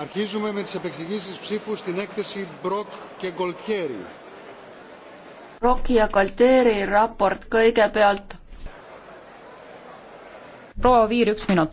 Αρχίζουμε με τις επεξηγήσεις ψήφου στην έκθεση Brock και Goltieri. Brock ja Goltieri raport kõigepealt. proua Viir, üks minut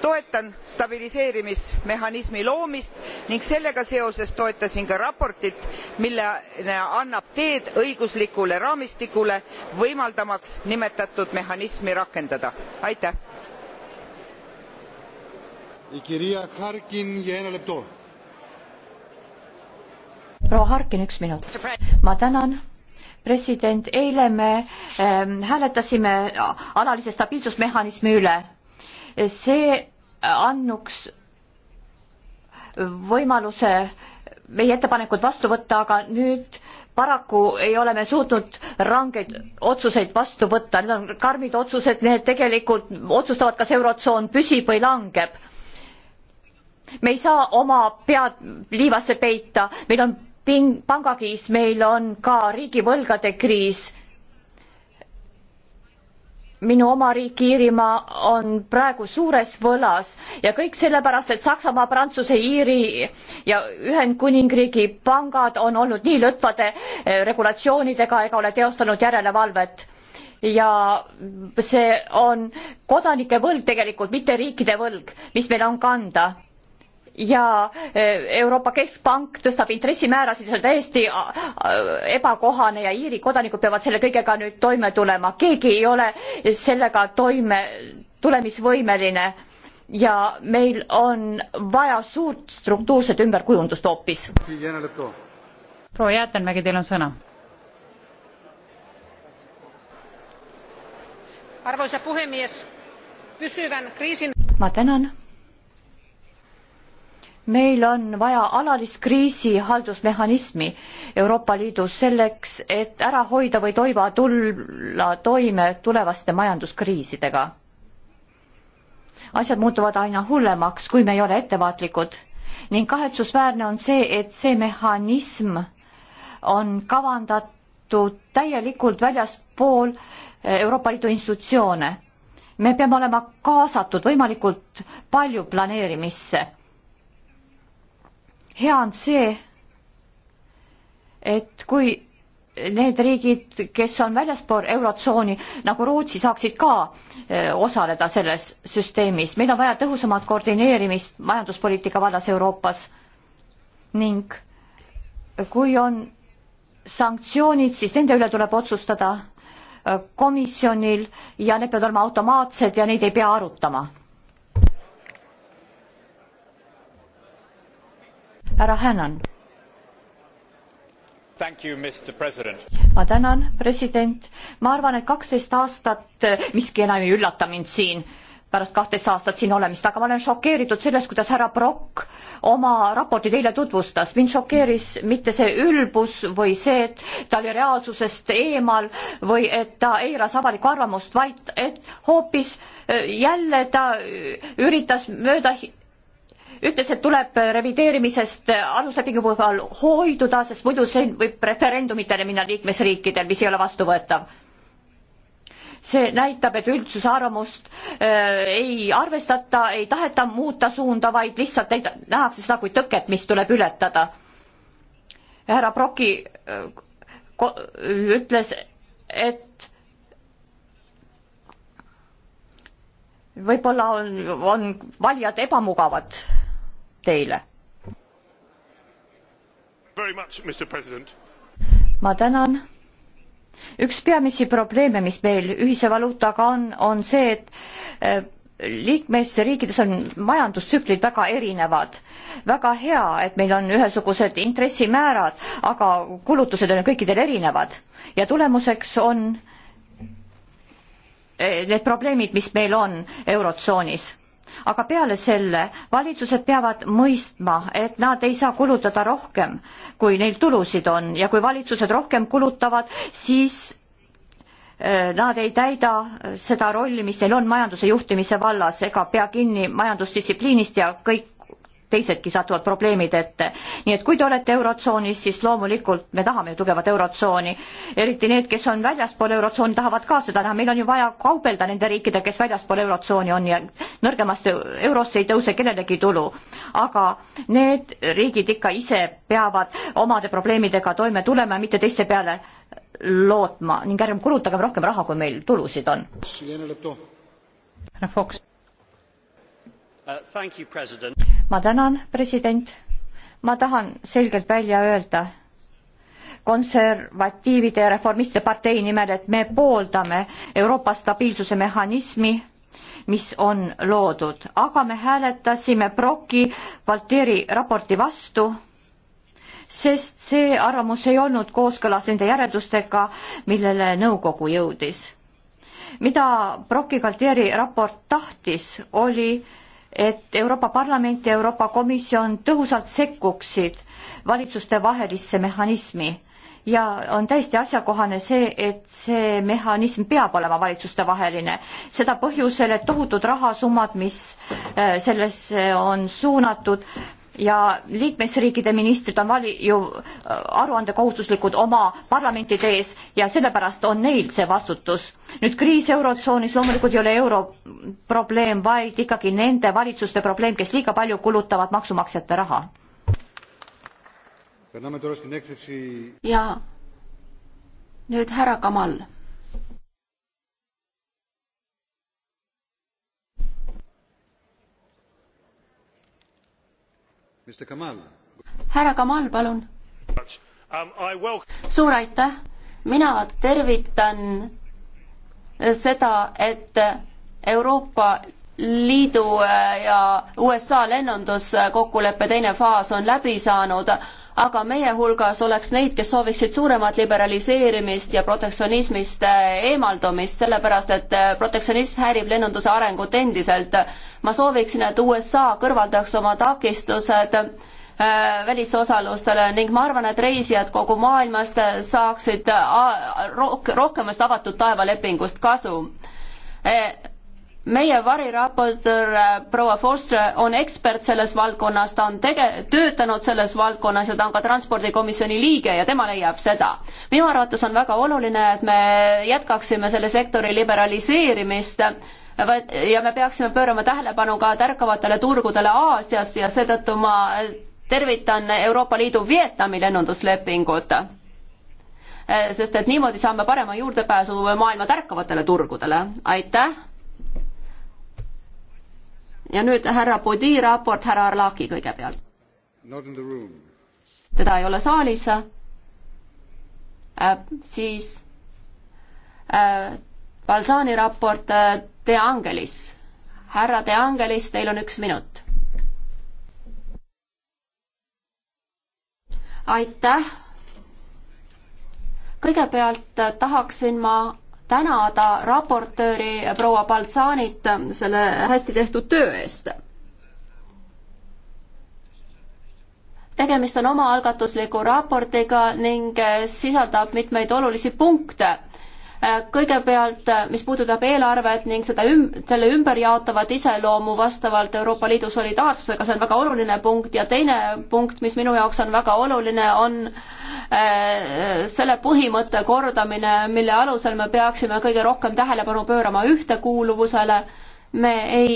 toetan stabiliseerimismehhanismi loomist ning sellega seoses toetasin ka raportit mille annab teed õiguslikule raamistikule võimaldamaks nimetatud mehhanismi rakendada. aitäh! proua Harkin, üks minut. ma tänan president, eile me ähm, hääletasime alalise stabiilsusmehhanismi üle see andnuks võimaluse meie ettepanekud vastu võtta, aga nüüd paraku ei ole me suutnud rangeid otsuseid vastu võtta, need on karmid otsused, need tegelikult otsustavad, kas Eurotsoon püsib või langeb. me ei saa oma pead liivasse peita, meil on ping-, pangakriis, meil on ka riigivõlgade kriis minu oma riik Iirimaa on praegu suures võlas ja kõik sellepärast, et Saksamaa, Prantsuse, Iiri ja Ühendkuningriigi pangad on olnud nii lõtvade eh, regulatsioonidega ega ole teostanud järelevalvet. ja see on kodanike võlg tegelikult, mitte riikide võlg, mis meil on kanda ja e, Euroopa Keskpank tõstab intressimäärasid, see on täiesti ebakohane ja Iiri kodanikud peavad selle kõigega nüüd toime tulema, keegi ei ole sellega toime tulemisvõimeline ja meil on vaja suurt struktuurset ümberkujundust hoopis. proua Jäätenmägi, teil on sõna. arvoisa puhemies, püsivan kriisin ma tänan meil on vaja alalist kriisihaldusmehhanismi Euroopa Liidus selleks, et ära hoida või toiva tulla toime tulevaste majanduskriisidega. asjad muutuvad aina hullemaks, kui me ei ole ettevaatlikud ning kahetsusväärne on see, et see mehhanism on kavandatud täielikult väljaspool eh, Euroopa Liidu institutsioone. me peame olema kaasatud võimalikult palju planeerimisse hea on see, et kui need riigid, kes on väljaspool Eurotsooni nagu Rootsi, saaksid ka eh, osaleda selles süsteemis. meil on vaja tõhusamat koordineerimist majanduspoliitika vallas Euroopas ning kui on sanktsioonid, siis nende üle tuleb otsustada eh, komisjonil ja need peavad olema automaatsed ja neid ei pea arutama härra Hännan. ma tänan, president. ma arvan, et kaksteist aastat, eh, miski enam ei üllata mind siin pärast kahteist aastat siin olemist, aga ma olen šokeeritud sellest, kuidas härra Brock oma raportit eile tutvustas. mind šokeeris mitte see ülbus või see, et ta oli reaalsusest eemal või et ta eiras avalikku arvamust, vaid et hoopis eh, jälle ta üritas mööda ütles, et tuleb revideerimisest aluslepingu puhul hoiduda, sest muidu see võib referendumitele minna liikmesriikidel, mis ei ole vastuvõetav. see näitab, et üldsuse arvamust äh, ei arvestata, ei taheta muuta suunda, vaid lihtsalt ei, nähakse seda kui tõket, mis tuleb ületada. härra Proki äh, ko, ütles, et võib-olla on, on valijad ebamugavad teile. ma tänan. üks peamisi probleeme, mis meil ühise valuutaga on, on see, et eh, liikmesriikides on majandustsüklid väga erinevad. väga hea, et meil on ühesugused intressimäärad, aga kulutused on kõikidel erinevad ja tulemuseks on eh, need probleemid, mis meil on Eurotsoonis aga peale selle valitsused peavad mõistma, et nad ei saa kulutada rohkem, kui neil tulusid on ja kui valitsused rohkem kulutavad, siis äh, nad ei täida seda rolli, mis neil on majanduse juhtimise vallas ega pea kinni majandusdistsipliinist ja kõik teisedki satuvad probleemid ette. nii et kui te olete Eurotsoonis, siis loomulikult me tahame ju tugevat Eurotsooni, eriti need, kes on väljaspool Eurotsooni, tahavad ka seda näha, meil on ju vaja kaubelda nende riikidega, kes väljaspool Eurotsooni on ja nõrgemast eurost ei tõuse kellelegi tulu. aga need riigid ikka ise peavad omade probleemidega toime tulema ja mitte teiste peale lootma ning ärgem kulutagem rohkem raha, kui meil tulusid on. härra Fox. Uh, thank you, president ma tänan, president. ma tahan selgelt välja öelda konservatiivide ja reformistide partei nimel, et me pooldame Euroopa stabiilsuse mehhanismi, mis on loodud, aga me hääletasime Brocki Valteri raporti vastu, sest see arvamus ei olnud kooskõlas nende järeldustega, millele nõukogu jõudis. mida Brocki Valteri raport tahtis, oli et Euroopa Parlament ja Euroopa Komisjon tõhusalt sekkuksid valitsuste vahelisse mehhanismi ja on täiesti asjakohane see, et see mehhanism peab olema valitsustevaheline. seda põhjusel, et tohutud rahasummad, mis äh, sellesse on suunatud, ja liikmesriikide ministrid on vali-, ju äh, aruandekohustuslikud oma parlamentide ees ja sellepärast on neil see vastutus. nüüd kriis Eurotsoonis loomulikult ei ole euro probleem, vaid ikkagi nende valitsuste probleem, kes liiga palju kulutavad maksumaksjate raha. ja nüüd härra Kamal härra Kamal, palun. Um, suur aitäh, mina tervitan seda, et Euroopa Liidu äh, ja USA lennunduskokkuleppe äh, teine faas on läbi saanud aga meie hulgas oleks neid, kes sooviksid suuremat liberaliseerimist ja protektsionismist äh, eemaldumist, sellepärast et äh, protektsionism häirib lennunduse arengut endiselt. ma sooviksin, et USA kõrvaldaks oma takistused äh, välisosalustele ning ma arvan, et reisijad kogu maailmast saaksid rohkemast avatud taevalepingust kasu meie variraportöör äh, proua Forster on ekspert selles valdkonnas, ta on tege-, töötanud selles valdkonnas ja ta on ka transpordikomisjoni liige ja tema leiab seda. minu arvates on väga oluline, et me jätkaksime selle sektori liberaliseerimist ja me peaksime pöörama tähelepanu ka tärkavatele turgudele Aasias ja seetõttu ma tervitan Euroopa Liidu Vietnami lennunduslepingut. Äh, sest et niimoodi saame parema juurdepääsu maailma tärkavatele turgudele, aitäh ja nüüd härra Bodi raport härra Arlaki kõigepealt. teda ei ole saalis äh,. siis äh, Balsani raport äh, De Angelis. härra De Angelis, teil on üks minut. aitäh. kõigepealt äh, tahaksin ma tänada raportööri proua Baltsaanit selle hästi tehtud töö eest. tegemist on omaalgatusliku raportiga ning sisaldab mitmeid olulisi punkte Äh, kõigepealt, äh, mis puudutab eelarvet ning seda üm-, selle ümberjaotavat iseloomu vastavalt Euroopa Liidu solidaarsusega, see on väga oluline punkt ja teine punkt, mis minu jaoks on väga oluline, on äh, selle põhimõtte kordamine, mille alusel me peaksime kõige rohkem tähelepanu pöörama ühtekuuluvusele, me ei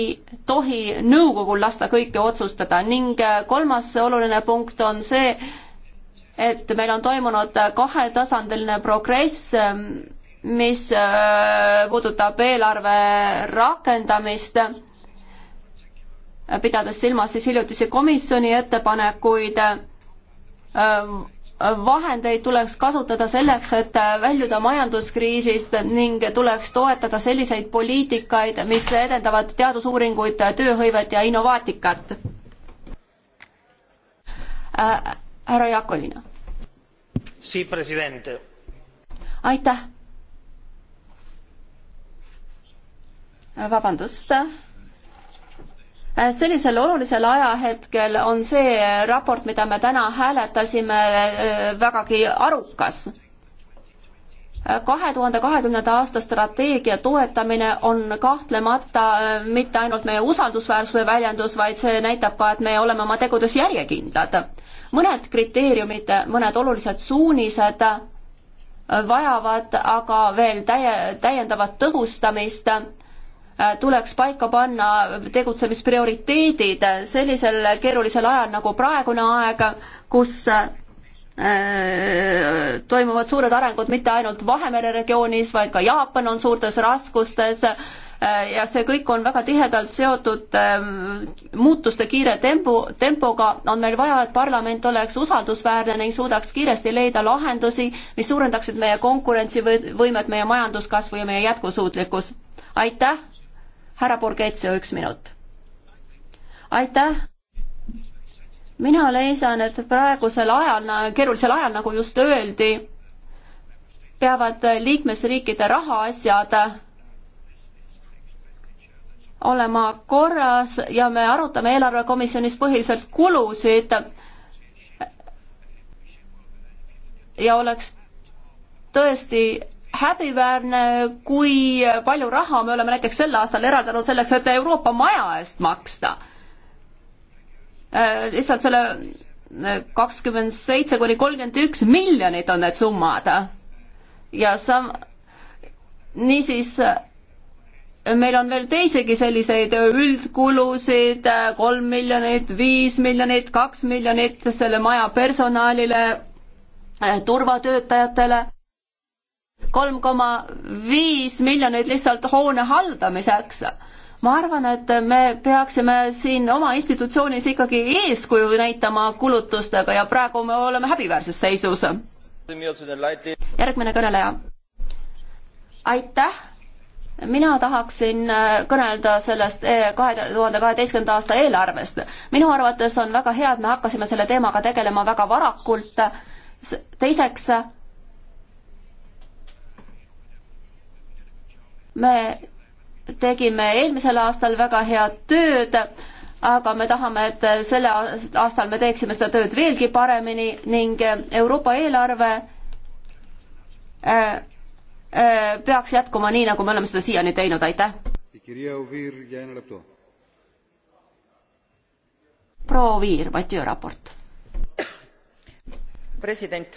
tohi nõukogul lasta kõike otsustada ning kolmas oluline punkt on see, et meil on toimunud kahetasandiline progress ähm, mis äh, puudutab eelarve rakendamist, pidades silmas siis hiljutisi komisjoni ettepanekuid, äh, vahendeid tuleks kasutada selleks, et väljuda majanduskriisist ning tuleks toetada selliseid poliitikaid, mis edendavad teadusuuringuid, tööhõivet ja innovaatikat. Äh, härra Jakolina. aitäh vabandust. sellisel olulisel ajahetkel on see raport, mida me täna hääletasime, vägagi arukas kahe tuhande kahekümnenda aasta strateegia toetamine on kahtlemata äh, mitte ainult meie usaldusväärsuse väljendus, vaid see näitab ka, et me oleme oma tegudes järjekindlad. mõned kriteeriumid, mõned olulised suunised äh, vajavad aga veel täie, täiendavat tõhustamist Äh, tuleks paika panna tegutsemisprioriteedid sellisel keerulisel ajal nagu praegune aeg, kus äh, toimuvad suured arengud mitte ainult Vahemere regioonis, vaid ka Jaapan on suurtes raskustes äh, ja see kõik on väga tihedalt seotud muutuste kiire tempo, tempoga, on meil vaja, et parlament oleks usaldusväärne ning suudaks kiiresti leida lahendusi, mis suurendaksid meie konkurentsivõimet, meie majanduskasvu ja meie jätkusuutlikkus. aitäh härra Borghezio, üks minut. aitäh! mina leisan, et praegusel ajal, keerulisel ajal, nagu just öeldi, peavad liikmesriikide rahaasjad olema korras ja me arutame eelarvekomisjonis põhiliselt kulusid ja oleks tõesti häbiväärne, kui palju raha me oleme näiteks sel aastal eraldanud selleks, et Euroopa maja eest maksta. Äh, lihtsalt selle äh, kakskümmend seitse kuni kolmkümmend üks miljonit on need summad. ja sam-, niisiis äh, meil on veel teisigi selliseid üldkulusid, kolm miljonit, viis miljonit, kaks miljonit selle maja personalile, turvatöötajatele kolm koma viis miljonit lihtsalt hoone haldamiseks. ma arvan, et me peaksime siin oma institutsioonis ikkagi eeskuju näitama kulutustega ja praegu me oleme häbiväärses seisus. järgmine kõneleja. aitäh mina tahaksin äh, kõnelda sellest äh, kahe tuhande kaheteistkümnenda aasta eelarvest. minu arvates on väga hea, et me hakkasime selle teemaga tegelema väga varakult. teiseks me tegime eelmisel aastal väga head tööd, aga me tahame, et selle aastal me teeksime seda tööd veelgi paremini ning Euroopa eelarve äh, äh, peaks jätkuma nii, nagu me oleme seda siiani teinud, aitäh. proua Oviir, Matjõe raport. president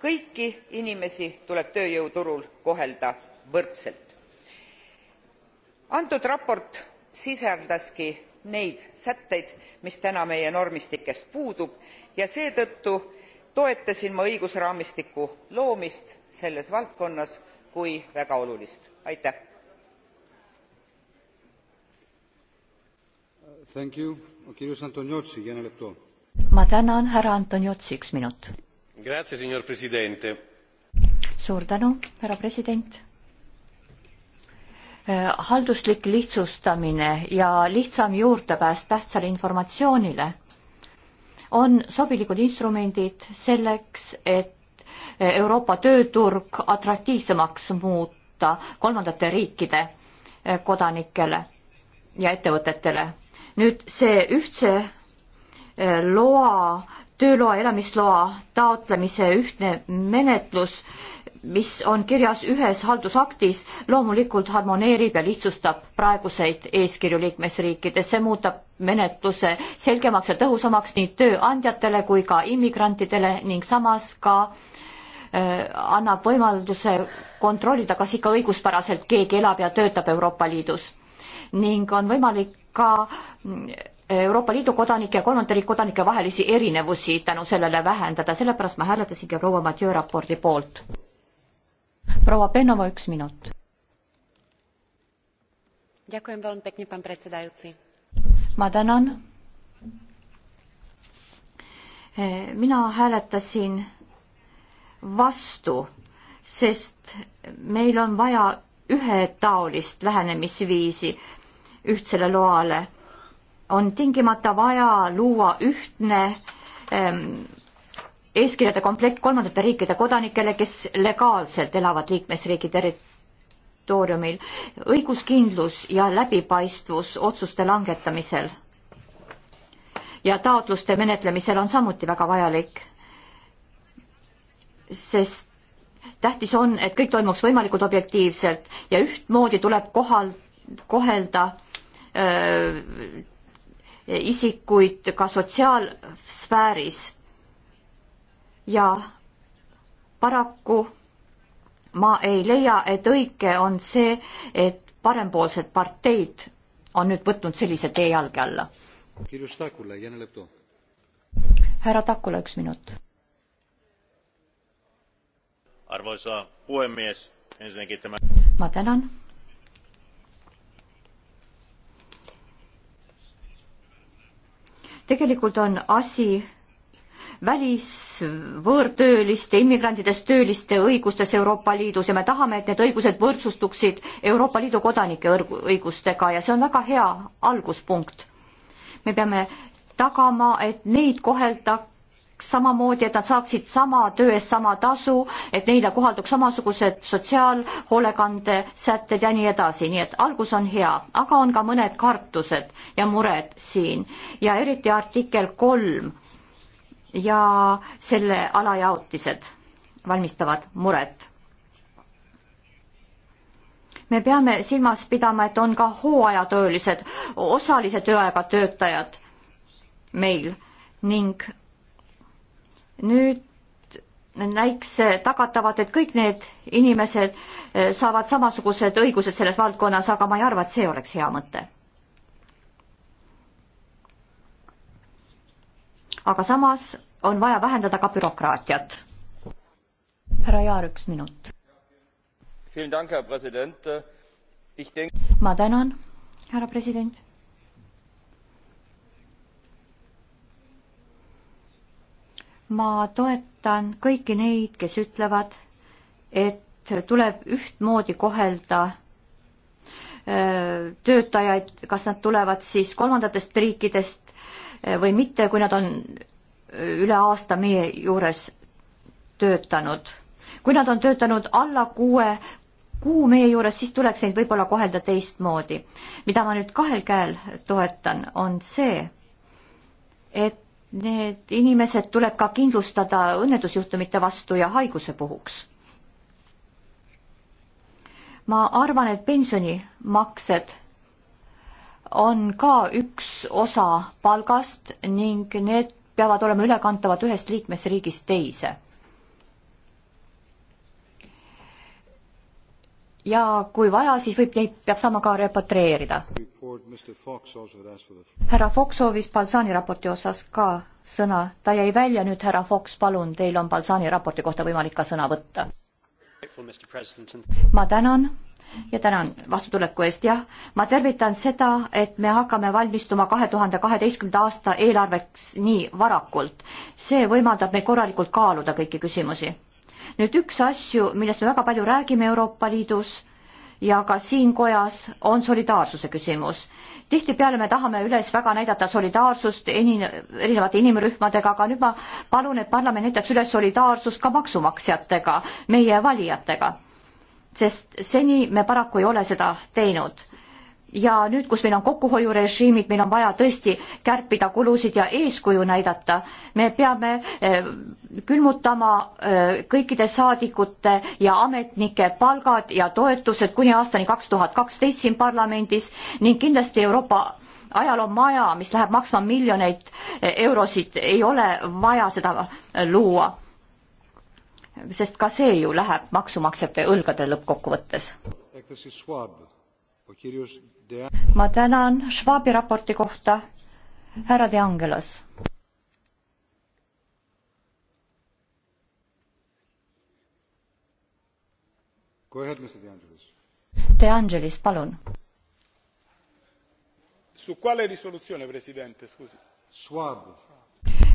kõiki inimesi tuleb tööjõuturul kohelda võrdselt. antud raport sisaldaski neid sätteid mis täna meie normistikest puudub ja seetõttu toetasin ma õigusraamistiku loomist selles valdkonnas kui väga olulist. aitäh! ma tänan härra antoniozzi üks minut! suur tänu, härra president äh, halduslik lihtsustamine ja lihtsam juurdepääs tähtsale informatsioonile on sobilikud instrumendid selleks, et äh, Euroopa tööturg atraktiivsemaks muuta kolmandate riikide äh, kodanikele ja ettevõtetele. nüüd see ühtse loa tööloa, elamisloa taotlemise ühtne menetlus, mis on kirjas ühes haldusaktis, loomulikult harmoneerib ja lihtsustab praeguseid eeskirju liikmesriikides, see muudab menetluse selgemaks ja tõhusamaks nii tööandjatele kui ka immigrantidele ning samas ka äh, annab võimaluse kontrollida, kas ikka õiguspäraselt keegi elab ja töötab Euroopa Liidus. ning on võimalik ka Euroopa Liidu kodanike ja kolmandate riikide kodanike vahelisi erinevusi tänu sellele vähendada, sellepärast ma hääletasingi proua Mathieu raporti poolt. proua Pennova, üks minut. ma tänan. E, mina hääletasin vastu, sest meil on vaja ühetaolist lähenemisviisi ühtsele loale on tingimata vaja luua ühtne ähm, eeskirjade komplekt kolmandate riikide kodanikele, kes legaalselt elavad liikmesriigi territooriumil. õiguskindlus ja läbipaistvus otsuste langetamisel ja taotluste menetlemisel on samuti väga vajalik, sest tähtis on, et kõik toimuks võimalikult objektiivselt ja ühtmoodi tuleb kohal, kohelda öö, äh, isikuid ka sotsiaalsfääris. ja paraku ma ei leia, et õige on see, et parempoolsed parteid on nüüd võtnud sellise tee jalge alla. härra Takula, üks minut. ma tänan tegelikult on asi välisvõõrtööliste, immigrantidest tööliste õigustes Euroopa Liidus ja me tahame, et need õigused võrdsustuksid Euroopa Liidu kodanike õigustega ja see on väga hea alguspunkt. me peame tagama, et neid koheldakse käiks samamoodi, et nad saaksid sama töö eest sama tasu, et neile kohalduks samasugused sotsiaalhoolekande sätted ja nii edasi, nii et algus on hea, aga on ka mõned kartused ja mured siin ja eriti artikkel kolm ja selle alajaotised valmistavad muret me peame silmas pidama, et on ka hooajatöölised, osalise tööajaga töötajad meil ning nüüd näiks tagatavad, et kõik need inimesed eh, saavad samasugused õigused selles valdkonnas, aga ma ei arva, et see oleks hea mõte. aga samas on vaja vähendada ka bürokraatiat. härra Jaar, üks minut. ma tänan, härra president ma toetan kõiki neid, kes ütlevad, et tuleb ühtmoodi kohelda äh, töötajaid, kas nad tulevad siis kolmandatest riikidest äh, või mitte, kui nad on äh, üle aasta meie juures töötanud. kui nad on töötanud alla kuue kuu meie juures, siis tuleks neid võib-olla kohelda teistmoodi. mida ma nüüd kahel käel toetan, on see, et Need inimesed tuleb ka kindlustada õnnetusjuhtumite vastu ja haiguse puhuks. ma arvan, et pensionimaksed on ka üks osa palgast ning need peavad olema ülekantavad ühest liikmesriigist teise ja kui vaja, siis võib neid, peab saama ka repatrieerida. härra Fox soovis Balsani raporti osas ka sõna, ta jäi välja nüüd, härra Fox, palun, teil on Balsani raporti kohta võimalik ka sõna võtta. ma tänan ja tänan vastutuleku eest, jah. ma tervitan seda, et me hakkame valmistuma kahe tuhande kaheteistkümnenda aasta eelarveks nii varakult. see võimaldab meil korralikult kaaluda kõiki küsimusi nüüd üks asju, millest me väga palju räägime Euroopa Liidus ja ka siin kojas, on solidaarsuse küsimus. tihtipeale me tahame üles väga näidata solidaarsust eni-, erinevate inimrühmadega, aga nüüd ma palun, et parlament näitaks üles solidaarsust ka maksumaksjatega, meie valijatega. sest seni me paraku ei ole seda teinud ja nüüd, kus meil on kokkuhoiurežiimid, meil on vaja tõesti kärpida kulusid ja eeskuju näidata. me peame eh, külmutama eh, kõikide saadikute ja ametnike palgad ja toetused kuni aastani kaks tuhat kaksteist siin parlamendis ning kindlasti Euroopa ajaloo maja, mis läheb maksma miljoneid eh, eurosid, ei ole vaja seda luua. sest ka see ju läheb maksumaksjate õlgadele lõppkokkuvõttes ma tänan Schwabi raporti kohta, härra De Angelos. De Angelis, palun.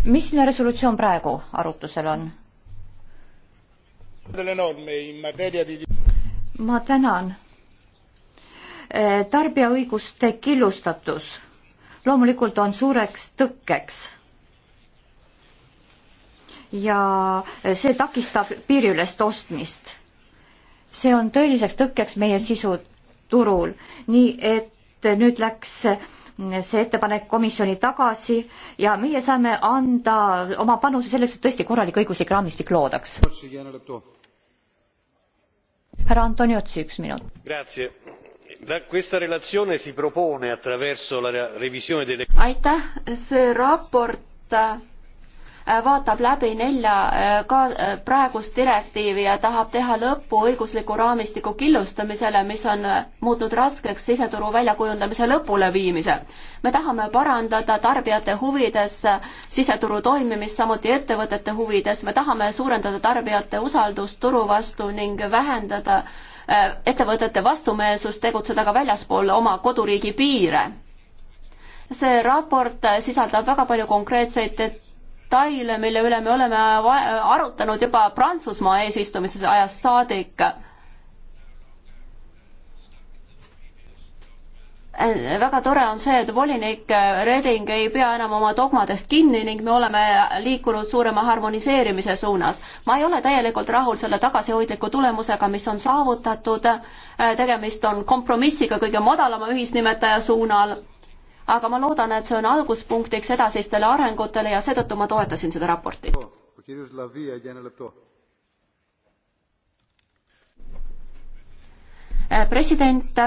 missugune resolutsioon praegu arutusel on? ma tänan Eh, tarbijaõiguste killustatus loomulikult on suureks tõkkeks. ja eh, see takistab piiriülest ostmist. see on tõeliseks tõkkeks meie sisuturul, nii et nüüd läks eh, see ettepanek komisjoni tagasi ja meie saame anda oma panuse selleks, et tõesti korralik õiguslik raamistik loodaks. härra Antoniotsi, üks minut aitäh, see raport äh, Äh, vaatab läbi nelja äh, ka äh, praegust direktiivi ja tahab teha lõppu õigusliku raamistiku killustamisele, mis on muutnud raskeks siseturu väljakujundamise lõpuleviimise. me tahame parandada tarbijate huvides siseturu toimimist, samuti ettevõtete huvides, me tahame suurendada tarbijate usaldust turu vastu ning vähendada ettevõtete vastumeelsust tegutseda ka väljaspool oma koduriigi piire see raport sisaldab väga palju konkreetseid detaile, mille üle me oleme arutanud juba Prantsusmaa eesistumise ajast saadik. väga tore on see, et volinik Reding ei pea enam oma dogmadest kinni ning me oleme liikunud suurema harmoniseerimise suunas. ma ei ole täielikult rahul selle tagasihoidliku tulemusega, mis on saavutatud. tegemist on kompromissiga kõige madalama ühisnimetaja suunal aga ma loodan, et see on alguspunktiks edasistele arengutele ja seetõttu ma toetasin seda raportit. president,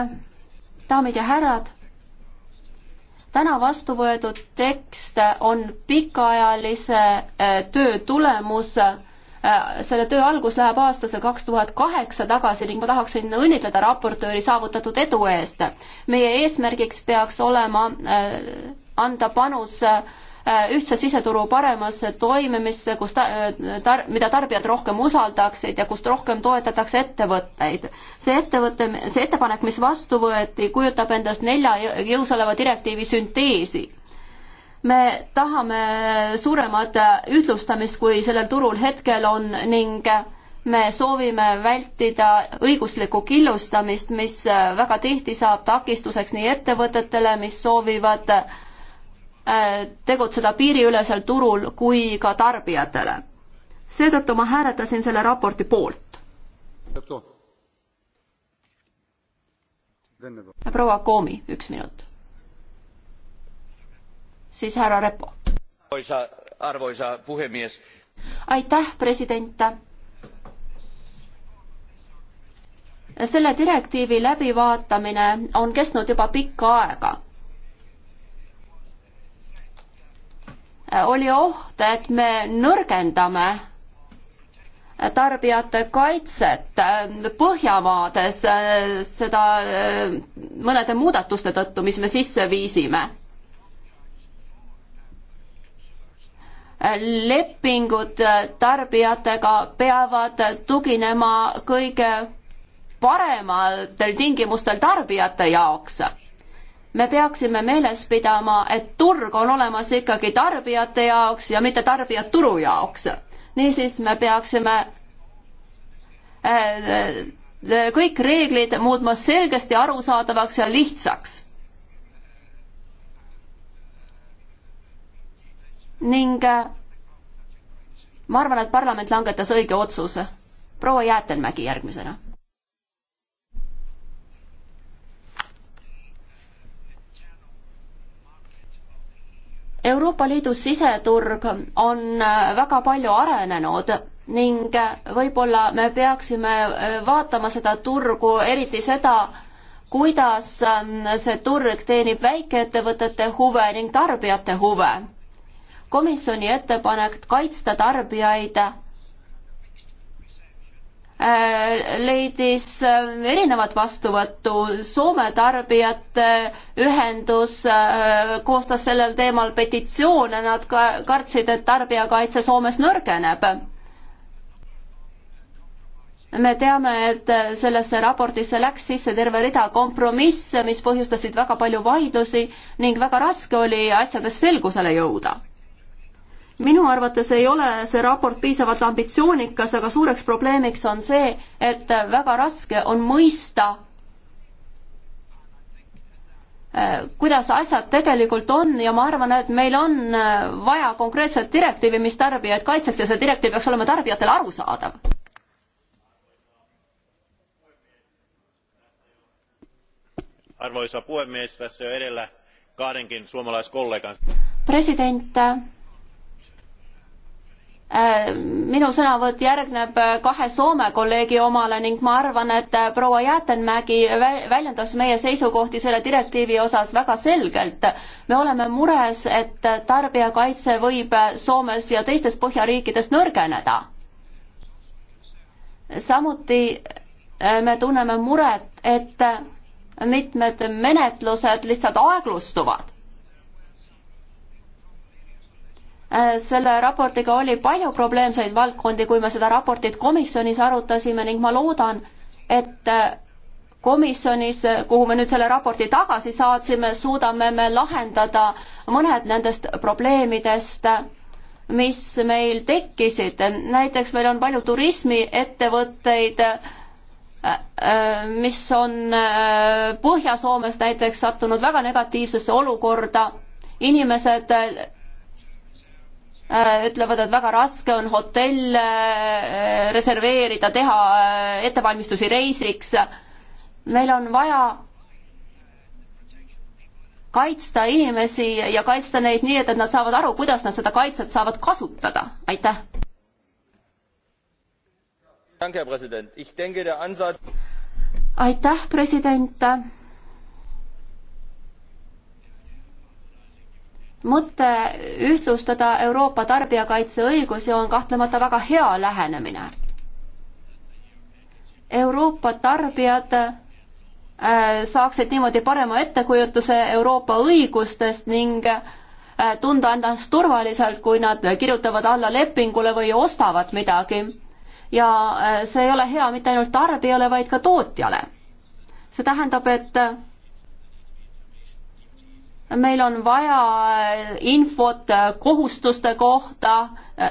daamid ja härrad, täna vastu võetud tekst on pikaajalise eh, töö tulemus Äh, selle töö algus läheb aastasse kaks tuhat kaheksa tagasi ning ma tahaksin õnnitleda raportööri saavutatud edu eest. meie eesmärgiks peaks olema äh, anda panus äh, ühtse siseturu paremasse toimimisse, kus ta, tar-, mida tarbijad rohkem usaldaksid ja kust rohkem toetatakse ettevõtteid. see ettevõte, see ettepanek, mis vastu võeti, kujutab endast nelja jõus oleva direktiivi sünteesi me tahame suuremat ühtlustamist, kui sellel turul hetkel on ning me soovime vältida õiguslikku killustamist, mis väga tihti saab takistuseks nii ettevõtetele, mis soovivad äh, tegutseda piiriülesel turul, kui ka tarbijatele. seetõttu ma hääletasin selle raporti poolt. proua Koomi, üks minut siis härra Repo. arvoisa, arvoisa puhemees. aitäh, president. selle direktiivi läbivaatamine on kestnud juba pikka aega oli oht, et me nõrgendame tarbijate kaitset Põhjamaades äh, seda äh, mõnede muudatuste tõttu, mis me sisse viisime. lepingud tarbijatega peavad tuginema kõige parematel tingimustel tarbijate jaoks. me peaksime meeles pidama, et turg on olemas ikkagi tarbijate jaoks ja mitte tarbijad turu jaoks. niisiis me peaksime eh, eh, kõik reeglid muutma selgesti arusaadavaks ja lihtsaks ning äh, ma arvan, et parlament langetas õige otsuse. proua Jäätenmägi järgmisena. Euroopa Liidu siseturg on äh, väga palju arenenud ning äh, võib-olla me peaksime vaatama seda turgu, eriti seda, kuidas ähm, see turg teenib väikeettevõtete huve ning tarbijate huve komisjoni ettepanek kaitsta tarbijaid äh, leidis äh, erinevat vastuvõttu. Soome tarbijate ühendus äh, koostas sellel teemal petitsioone, nad ka kartsid, et tarbijakaitse Soomes nõrgeneb. me teame, et sellesse raportisse läks sisse terve rida kompromisse, mis põhjustasid väga palju vaidlusi ning väga raske oli asjades selgusele jõuda minu arvates ei ole see raport piisavalt ambitsioonikas, aga suureks probleemiks on see, et väga raske on mõista, eh, kuidas asjad tegelikult on ja ma arvan, et meil on eh, vaja konkreetset direktiivi, mis tarbijaid kaitseks ja see direktiiv peaks olema tarbijatele arusaadav. arvoisa puhemies, tässä jo edellä kahdenkin suomalaiskollegan. president Äh, minu sõnavõtt järgneb äh, kahe Soome kolleegi omale ning ma arvan, et äh, proua Jäätenmägi väljendas meie seisukohti selle direktiivi osas väga selgelt. me oleme mures, et tarbijakaitse võib Soomes ja teistes Põhjariikides nõrgeneda. samuti me tunneme muret, et mitmed menetlused lihtsalt aeglustuvad Äh, selle raportiga oli palju probleemseid valdkondi, kui me seda raportit komisjonis arutasime ning ma loodan, et äh, komisjonis, äh, kuhu me nüüd selle raporti tagasi saatsime, suudame me lahendada mõned nendest probleemidest, mis meil tekkisid. näiteks meil on palju turismiettevõtteid, mis on Põhja-Soomes näiteks sattunud väga negatiivsesse olukorda. inimesed Äh, ütlevad, et väga raske on hotelle äh, reserveerida, teha äh, ettevalmistusi reisiks. meil on vaja kaitsta inimesi ja kaitsta neid nii, et, et nad saavad aru, kuidas nad seda kaitset saavad kasutada. aitäh. aitäh, president mõte ühtlustada Euroopa tarbijakaitseõigusi on kahtlemata väga hea lähenemine. Euroopa tarbijad äh, saaksid niimoodi parema ettekujutuse Euroopa õigustest ning äh, tunda ennast turvaliselt, kui nad kirjutavad alla lepingule või ostavad midagi. ja äh, see ei ole hea mitte ainult tarbijale, vaid ka tootjale. see tähendab, et meil on vaja äh, infot äh, kohustuste kohta, äh,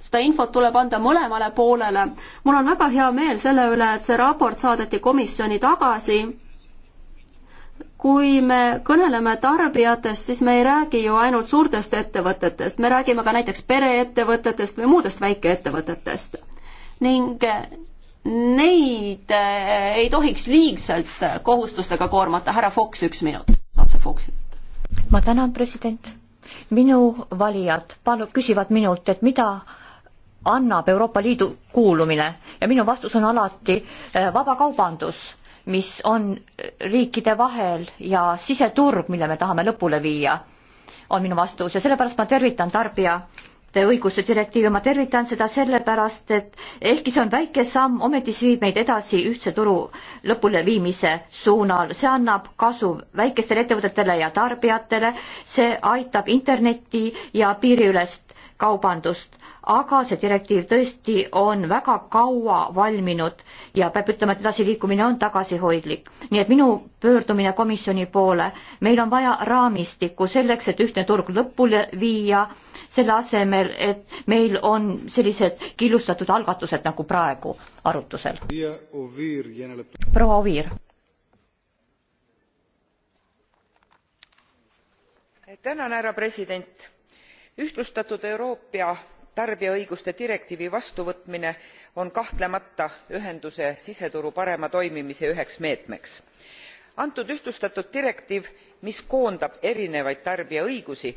seda infot tuleb anda mõlemale poolele. mul on väga hea meel selle üle, et see raport saadeti komisjoni tagasi. kui me kõneleme tarbijatest, siis me ei räägi ju ainult suurtest ettevõtetest, me räägime ka näiteks pereettevõtetest või muudest väikeettevõtetest. ning neid ei tohiks liigselt kohustustega koormata, härra Fox, üks minut Katse Fuchsilt. ma tänan, president. minu valijad palu-, küsivad minult, et mida annab Euroopa Liidu kuulumine ja minu vastus on alati eh, vabakaubandus, mis on riikide vahel ja siseturg, mille me tahame lõpule viia, on minu vastus ja sellepärast ma tervitan tarbija õiguste direktiivi, ma tervitan seda sellepärast, et ehkki see on väike samm, ometi see viib meid edasi ühtse turu lõpuleviimise suunal, see annab kasu väikestele ettevõtetele ja tarbijatele, see aitab internetti ja piiriülest kaubandust aga see direktiiv tõesti on väga kaua valminud ja peab ütlema, et edasiliikumine on tagasihoidlik. nii et minu pöördumine komisjoni poole, meil on vaja raamistikku selleks, et ühtne turg lõpule viia, selle asemel, et meil on sellised killustatud algatused nagu praegu arutusel. proua Oviir. tänan, härra president ühtlustatud euroopa tarbijaõiguste direktiivi vastuvõtmine on kahtlemata ühenduse siseturu parema toimimise üheks meetmeks. antud ühtlustatud direktiiv mis koondab erinevaid tarbijaõigusi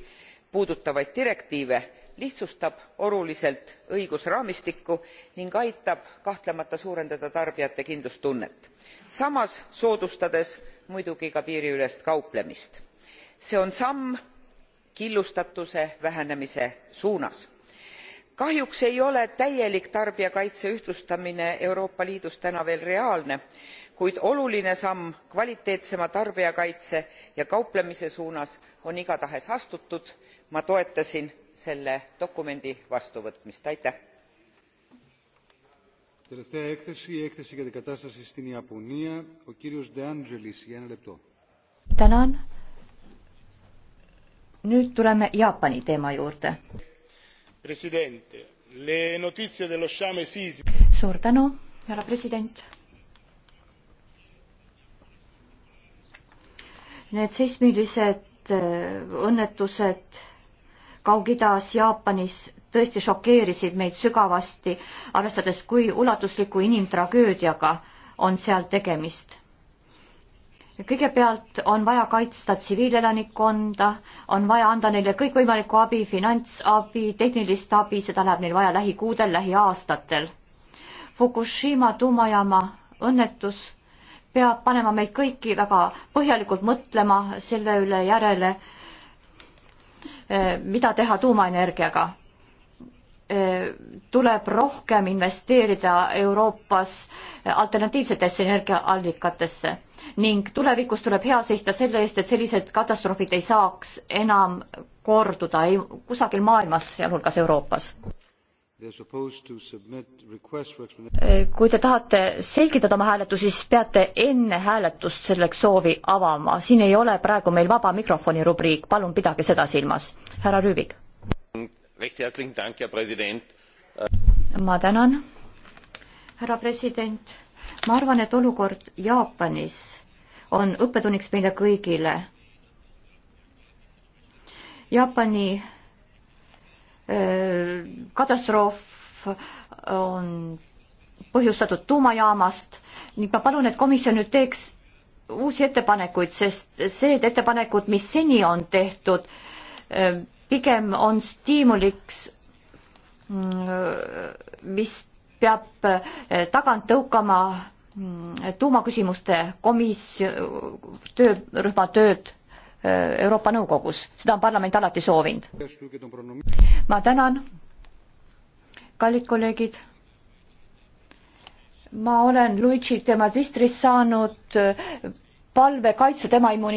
puudutavaid direktiive lihtsustab oluliselt õigusraamistikku ning aitab kahtlemata suurendada tarbijate kindlustunnet samas soodustades muidugi ka piiriülest kauplemist. see on samm killustatuse vähenemise suunas kahjuks ei ole täielik tarbijakaitse ühtlustamine euroopa liidus täna veel reaalne kuid oluline samm kvaliteetsema tarbijakaitse ja kauplemise suunas on igatahes astutud ma toetasin selle dokumendi vastuvõtmist. tänan! nüüd tuleme jaapani teema juurde suur tänu, härra president. Need seismilised äh, õnnetused Kaug-Idas, Jaapanis tõesti šokeerisid meid sügavasti, arvestades, kui ulatusliku inimtragöödiaga on seal tegemist kõigepealt on vaja kaitsta tsiviilelanikkonda, on vaja anda neile kõikvõimalikku abi, finantsabi, tehnilist abi, seda läheb neil vaja lähikuudel, lähiaastatel. Fukushima tuumajaama õnnetus peab panema meid kõiki väga põhjalikult mõtlema selle üle järele, eh, mida teha tuumaenergiaga. Eh, tuleb rohkem investeerida Euroopas alternatiivsetesse energiaallikatesse ning tulevikus tuleb hea seista selle eest, et sellised katastroofid ei saaks enam korduda ei kusagil maailmas, sealhulgas Euroopas. Äh, kui te tahate selgitada oma hääletusi, siis peate enne hääletust selleks soovi avama, siin ei ole praegu meil vaba mikrofoni rubriik, palun pidage seda silmas. härra Rüübik. ma tänan, härra president ma arvan, et olukord Jaapanis on õppetunniks meile kõigile. Jaapani katastroof on põhjustatud tuumajaamast ning ma palun, et komisjon nüüd teeks uusi ettepanekuid, sest see, et ettepanekud, mis seni on tehtud, pigem on stiimuliks, mm, mis peab eh, tagant tõukama mm, tuumaküsimuste komisjon, töörühma tööd eh, Euroopa Nõukogus, seda on parlament alati soovinud. ma tänan, kallid kolleegid. ma olen Luigi Demagistrist saanud eh, palve kaitsta tema immuuni-.